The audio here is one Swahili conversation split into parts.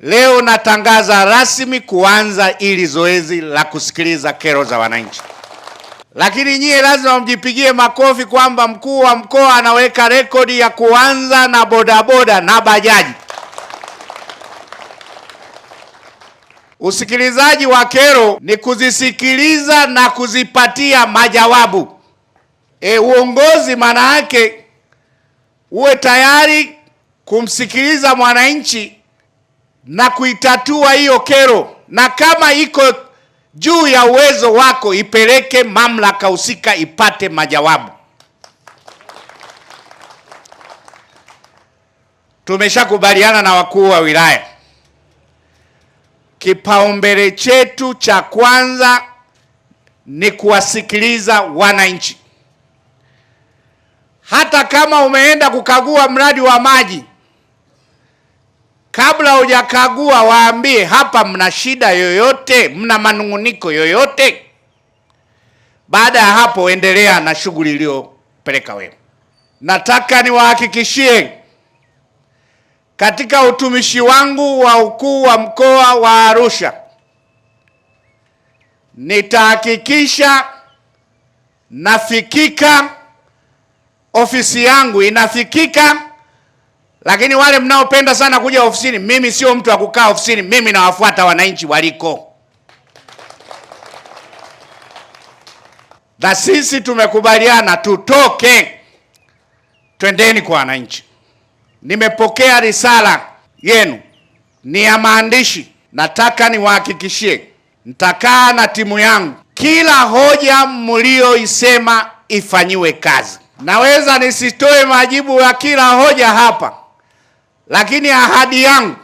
Leo natangaza rasmi kuanza ili zoezi la kusikiliza kero za wananchi, lakini nyie lazima mjipigie makofi kwamba mkuu wa mkoa anaweka rekodi ya kuanza na bodaboda na bajaji. Usikilizaji wa kero ni kuzisikiliza na kuzipatia majawabu. E, uongozi maana yake uwe tayari kumsikiliza mwananchi na kuitatua hiyo kero, na kama iko juu ya uwezo wako ipeleke mamlaka husika ipate majawabu. Tumeshakubaliana na wakuu wa wilaya, kipaumbele chetu cha kwanza ni kuwasikiliza wananchi. Hata kama umeenda kukagua mradi wa maji kabla hujakagua, waambie hapa mna shida yoyote, mna manung'uniko yoyote. Baada ya hapo, endelea na shughuli iliyopeleka wewe. Nataka niwahakikishie katika utumishi wangu wa ukuu wa mkoa wa Arusha, nitahakikisha nafikika, ofisi yangu inafikika lakini wale mnaopenda sana kuja ofisini, mimi sio mtu wa kukaa ofisini, mimi nawafuata wananchi waliko. Na sisi tumekubaliana tutoke, twendeni kwa wananchi. Nimepokea risala yenu, ni ya maandishi. Nataka niwahakikishie, nitakaa na timu yangu, kila hoja mlioisema ifanyiwe kazi. Naweza nisitoe majibu ya kila hoja hapa lakini ahadi yangu,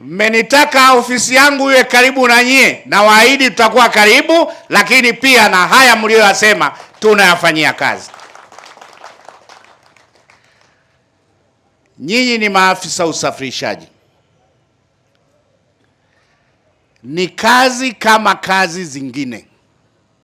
mmenitaka ofisi yangu iwe karibu na nyie, na waahidi tutakuwa karibu, lakini pia na haya mliyoyasema tunayafanyia kazi. Nyinyi ni maafisa usafirishaji, ni kazi kama kazi zingine.